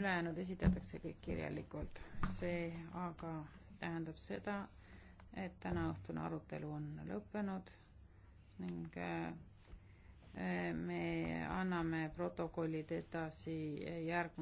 ülejäänud esitatakse kõik kirjalikult. see aga tähendab seda, et tänaõhtune arutelu on lõppenud ning eh, me anname protokollid edasi järgmine